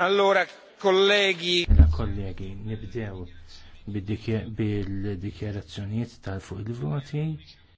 Allora, kollegi. Mela kollegi, nibdew bil-dikjerazzjonijiet tal fuq il-voti.